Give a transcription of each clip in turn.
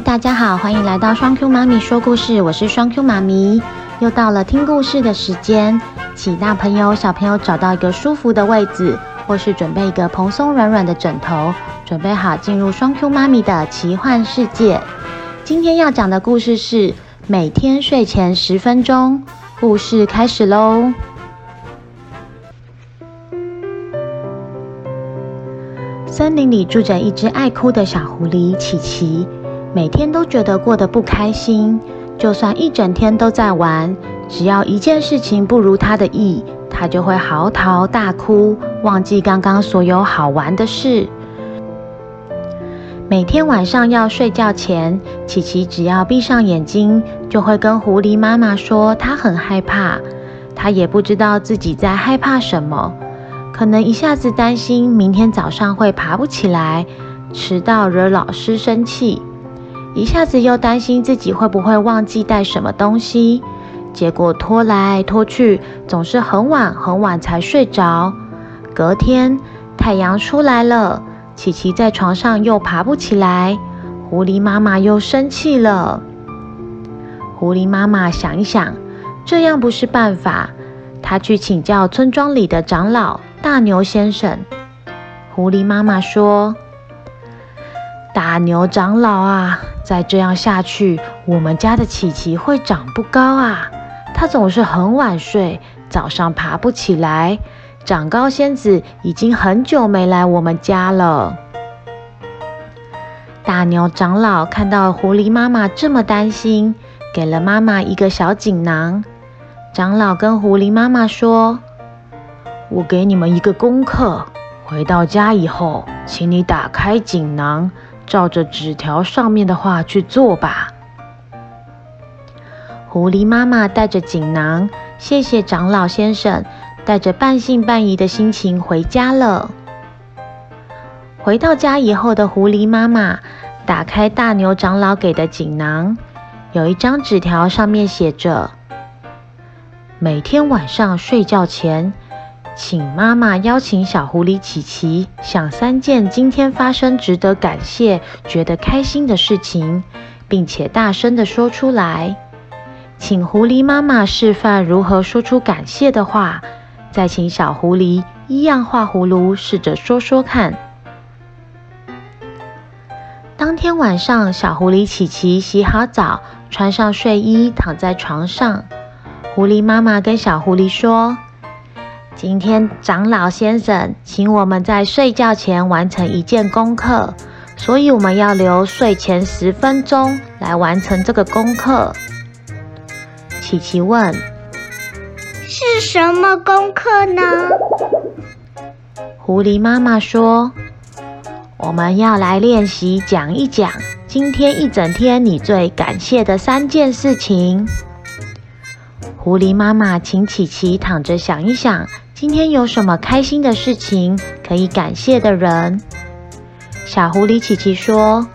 大家好，歡迎來到雙 Q 媽咪說故事，我是雙 Q 媽咪，又到了聽故事的時間，請大朋友小朋友找到一個舒服的位置，或是準備一個蓬鬆軟軟的枕頭，準備好進入雙 Q 媽咪的奇幻世界。今天要講的故事是每天睡前十分鐘，故事開始嘍。森林裡住着一隻愛哭的小狐狸，琪琪。每天都覺得過得不開心，就算一整天都在玩，只要一件事情不如他的意，他就會嚎啕大哭，忘記剛剛所有好玩的事。每天晚上要睡覺前，琪琪只要閉上眼睛，就會跟狐狸媽媽說他很害怕，他也不知道自己在害怕什麼，可能一下子擔心明天早上會爬不起來，遲到惹老師生氣。一下子又擔心自己會不會忘記帶什麼東西，結果拖來拖去，總是很晚很晚才睡着。隔天太陽出來了，琪琪在床上又爬不起來，狐狸媽媽又生氣了。狐狸媽媽想一想，這樣不是辦法，她去請教村莊裡的長老大牛先生。狐狸媽媽說：“大牛長老啊！”再這樣下去，我們家的琪琪會長不高啊！她總是很晚睡，早上爬不起來。長高仙子已經很久沒來我們家了。大牛長老看到狐狸媽媽這麼擔心，給了媽媽一個小錦囊。長老跟狐狸媽媽說：“我給你們一個功課，回到家以後，請你打開錦囊。”照着紙條上面的話去做吧。狐狸媽媽帶着錦囊，謝謝長老先生，帶着半信半疑的心情回家了。回到家以後的狐狸媽媽打開大牛長老給的錦囊，有一張紙條上面寫着：“每天晚上睡覺前。”請媽媽邀請小狐狸琪琪，想三件今天發生值得感謝、覺得開心的事情，並且大聲的說出來。請狐狸媽媽示範如何說出感謝的話，再請小狐狸依樣畫葫蘆，試着說說看。當天晚上，小狐狸琪琪洗好澡，穿上睡衣，躺在床上。狐狸媽媽跟小狐狸說。今天長老先生請我們在睡覺前完成一件功課，所以我們要留睡前十分鐘來完成這個功課。琪琪問：“是什麼功課呢？”狐狸媽媽說：“我們要來練習講一講今天一整天你最感謝的三件事情。”狐狸媽媽請琪琪躺着想一想。今天有什麼開心的事情、可以感謝的人？小狐狸琪琪說：“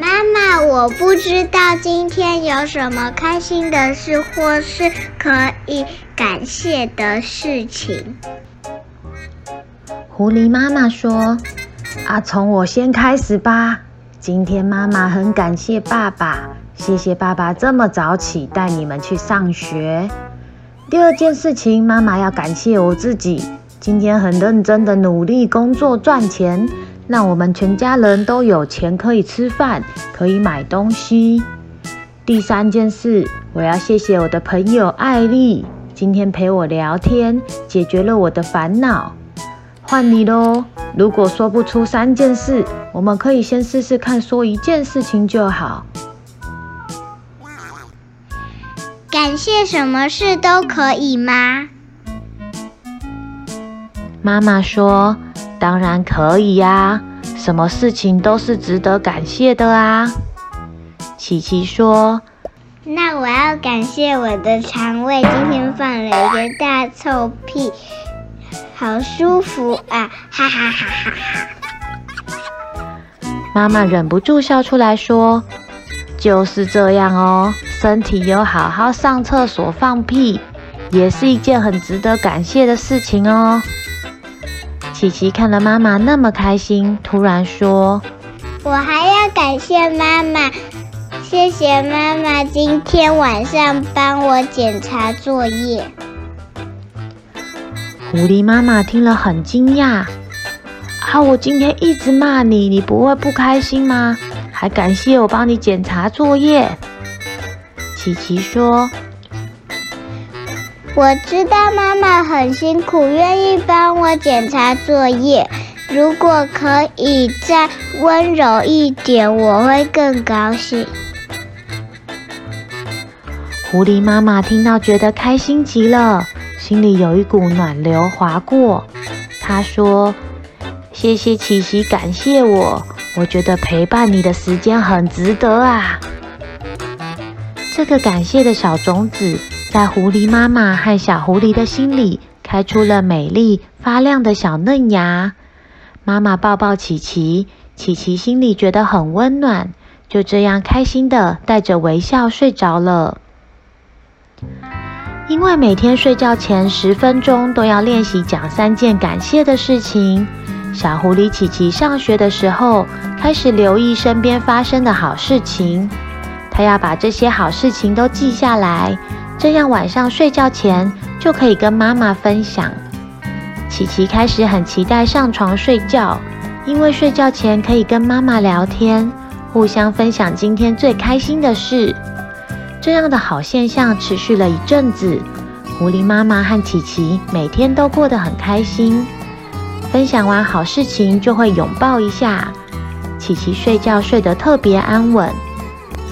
媽媽，我不知道今天有什麼開心的事，或是可以感謝的事情。”狐狸媽媽說：“啊，從我先開始吧。今天媽媽很感謝爸爸，謝謝爸爸這麼早起帶你們去上學。”第二件事情，媽媽要感謝我自己，今天很認真的努力工作賺錢，讓我們全家人都有錢可以吃飯，可以買東西。第三件事，我要謝謝我的朋友艾麗，今天陪我聊天，解決了我的煩惱。換你咯，如果說不出三件事，我們可以先試試看說一件事情就好。感謝什麼事都可以嗎？媽媽說：“當然可以呀，什麼事情都是值得感謝的啊。”琪琪說：“那我要感謝我的腸胃，今天放了一個大臭屁，好舒服啊！”哈哈哈哈哈。媽媽忍不住笑出來說：“就是這樣哦。”身體有好好上廁所放屁，也是一件很值得感謝的事情哦。琪琪看了媽媽那麼開心，突然說：“我還要感謝媽媽，謝謝媽媽今天晚上幫我檢查作業。”狐狸媽媽聽了很驚訝：“啊，我今天一直罵你，你不會不開心嗎？還感謝我幫你檢查作業？”琪琪說：“我知道媽媽很辛苦，願意幫我檢查作業。如果可以再溫柔一點，我會更高興。”狐狸媽媽聽到，覺得開心極了，心裡有一股暖流滑過。她說：“謝謝琪琪，感謝我，我覺得陪伴你的時間很值得啊。”這個感謝的小種子，在狐狸媽媽和小狐狸的心裡，開出了美麗發亮的小嫩芽。媽媽抱抱琪琪，琪琪心裡覺得很溫暖，就這樣開心的帶着微笑睡着了。因為每天睡覺前十分鐘都要練習講三件感謝的事情，小狐狸琪琪上學的時候，開始留意身邊發生的好事情。他要把這些好事情都記下來，這樣晚上睡覺前就可以跟媽媽分享。琪琪開始很期待上床睡覺，因為睡覺前可以跟媽媽聊天，互相分享今天最開心的事。這樣的好現象持續了一陣子，狐狸媽媽和琪琪每天都過得很開心。分享完好事情就會擁抱一下，琪琪睡覺睡得特別安穩。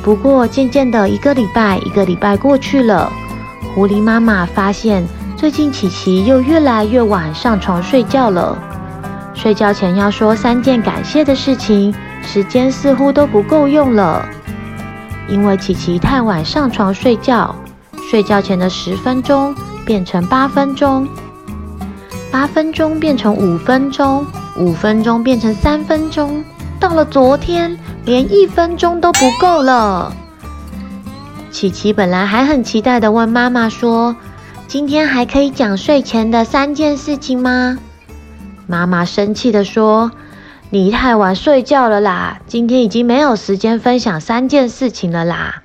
不過，漸漸的一個禮拜一個禮拜過去了，狐狸媽媽發現，最近琪琪又越來越晚上床睡覺了。睡覺前要說三件感謝的事情，時間似乎都不夠用了。因為琪琪太晚上床睡覺，睡覺前的十分鐘變成八分鐘，八分鐘變成五分鐘，五分鐘變成三分鐘。到了昨天，連一分鐘都不夠了。琪琪本來還很期待的問媽媽說：“今天還可以講睡前的三件事情嗎？”媽媽生氣的說：“你太晚睡覺了啦，今天已經沒有時間分享三件事情了啦。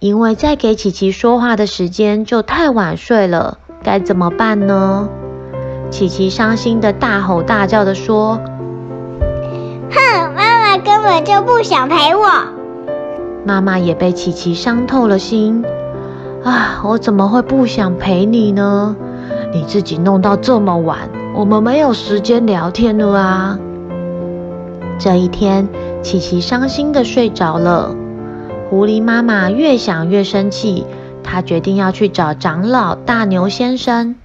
因為再給琪琪說話的時間就太晚睡了，該怎麼辦呢？”琪琪傷心的大吼大叫的說。哼，媽媽根本就不想陪我。媽媽也被琪琪傷透了心。啊，我怎麼會不想陪你呢？你自己弄到這麼晚，我們沒有時間聊天了啊。這一天，琪琪傷心地睡着了。狐狸媽媽越想越生氣，她決定要去找長老大牛先生。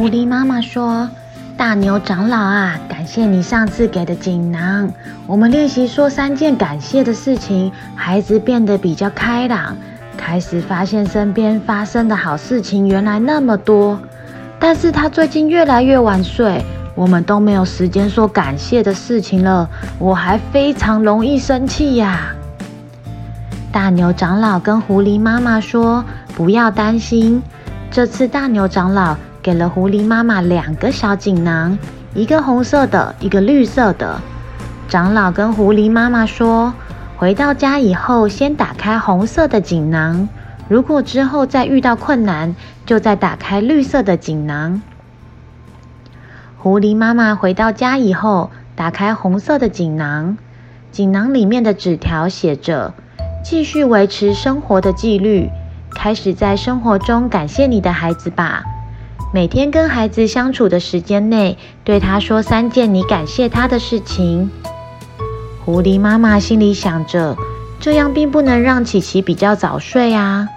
狐狸媽媽說：“大牛長老啊，感謝你上次給的錦囊。我們練習說三件感謝的事情，孩子變得比較開朗，開始發現身邊發生的好事情原來那麼多。但是他最近越來越晚睡，我們都沒有時間說感謝的事情了。我還非常容易生氣呀、啊。”大牛長老跟狐狸媽媽說：“不要擔心，這次大牛長老。”給了狐狸媽媽兩個小錦囊，一個紅色的，一個綠色的。長老跟狐狸媽媽說：“回到家以後，先打開紅色的錦囊，如果之後再遇到困難，就再打開綠色的錦囊。”狐狸媽媽回到家以後，打開紅色的錦囊，錦囊裡面的紙條寫着：“繼續維持生活的紀律，開始在生活中感謝你的孩子吧。”每天跟孩子相處的時間內，對他說三件你感謝他的事情。狐狸媽媽心裡想着，這樣並不能讓琪琪比較早睡啊。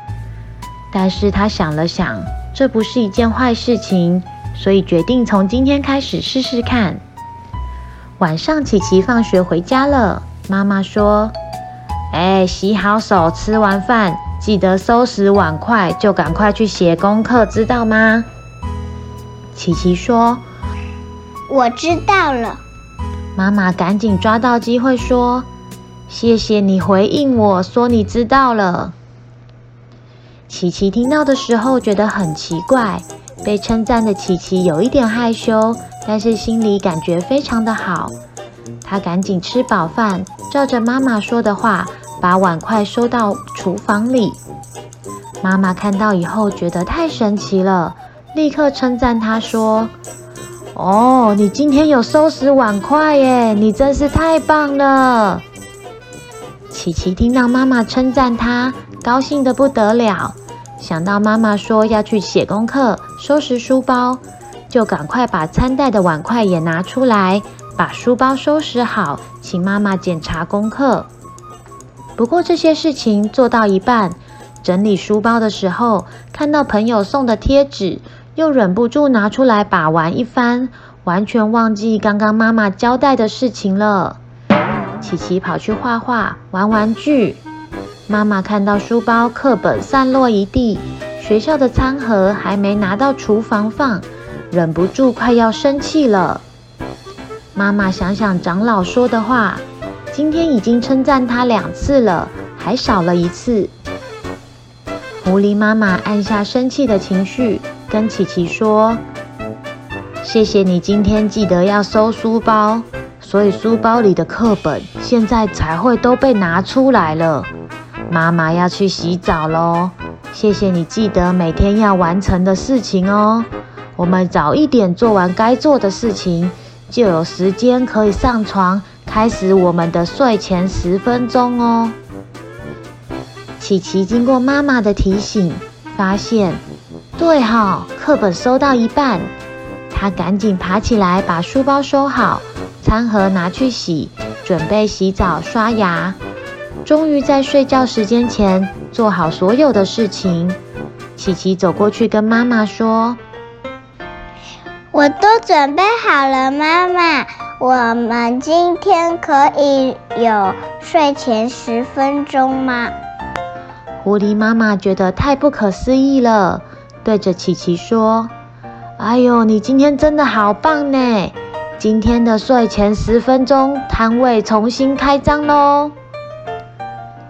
但是她想了想，這不是一件壞事情，所以決定從今天開始試試看。晚上琪琪放學回家了，媽媽說：“哎，洗好手，吃完飯記得收拾碗筷，就趕快去寫功課，知道嗎？”琪琪說：“我知道了。”媽媽趕緊抓到機會說：“謝謝你回應我說你知道了。”琪琪聽到的時候覺得很奇怪，被稱讚的琪琪有一點害羞，但是心裡感覺非常的好。她趕緊吃飽飯，照着媽媽說的話，把碗筷收到廚房裡。媽媽看到以後覺得太神奇了。立刻稱讚他說：“哦，你今天有收拾碗筷耶，你真是太棒了！”琪琪聽到媽媽稱讚他，高興得不得了。想到媽媽說要去寫功課、收拾書包，就趕快把餐袋的碗筷也拿出來，把書包收拾好，請媽媽檢查功課。不過這些事情做到一半，整理書包的時候，看到朋友送的貼紙。又忍不住拿出來把玩一番，完全忘記剛剛媽媽交代的事情了。琪琪跑去畫畫、玩玩具，媽媽看到書包、課本散落一地，學校的餐盒還沒拿到廚房放，忍不住快要生氣了。媽媽想想長老說的話，今天已經稱讚他兩次了，還少了一次。狐狸媽媽按下生氣的情緒。跟琪琪說：“謝謝你今天記得要收書包，所以書包裡的課本現在才會都被拿出來了。媽媽要去洗澡咯。謝謝你記得每天要完成的事情哦。我們早一點做完該做的事情，就有時間可以上床開始我們的睡前十分鐘哦。”琪琪經過媽媽的提醒，發現。對哈，課本收到一半。他趕緊爬起來，把書包收好，餐盒拿去洗，準備洗澡刷牙。終於在睡覺時間前做好所有的事情。琪琪走過去跟媽媽說：“我都準備好了，媽媽，我們今天可以有睡前十分鐘嗎？”狐狸媽媽覺得太不可思議了，對着琪琪說：“哎呦，你今天真的好棒呢！今天的睡前十分鐘，攤位重新開張嘍。”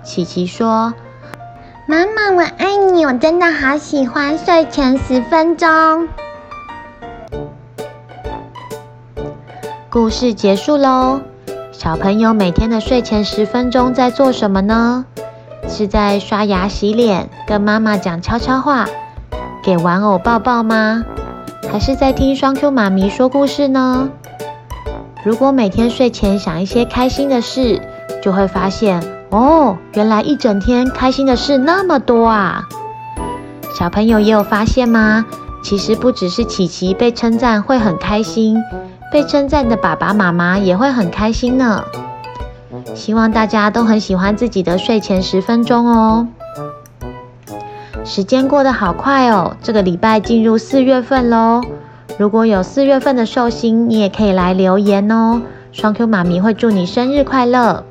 琪琪說：“媽媽，我愛你！我真的好喜歡睡前十分鐘。”故事結束嘍。小朋友每天的睡前十分鐘在做什麼呢？是在刷牙、洗臉，跟媽媽講悄悄話。給玩偶抱抱嗎？還是在聽雙 Q 媽咪說故事呢？如果每天睡前想一些開心的事，就會發現哦，原來一整天開心的事那麼多啊！小朋友也有發現嗎？其實不只是琪琪被稱讚會很開心，被稱讚的爸爸媽媽也會很開心呢。希望大家都很喜歡自己的睡前十分鐘哦。時間過得好快哦，這個禮拜進入四月份嘍。如果有四月份的壽星，你也可以來留言哦。雙 Q 媽咪會祝你生日快樂。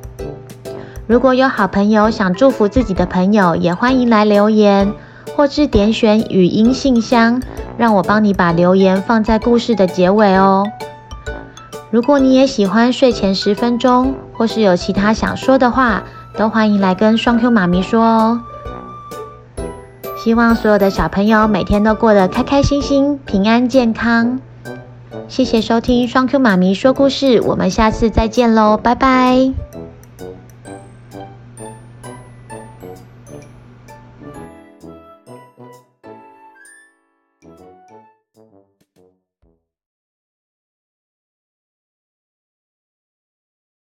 如果有好朋友想祝福自己的朋友，也歡迎來留言，或是點選語音信箱，讓我幫你把留言放在故事的結尾哦。如果你也喜歡睡前十分鐘，或是有其他想說的話，都歡迎來跟雙 Q 媽咪說哦。希望所有的小朋友每天都過得開開心心、平安健康。謝謝收聽雙 Q 媽咪說故事，我們下次再見嘍，拜拜。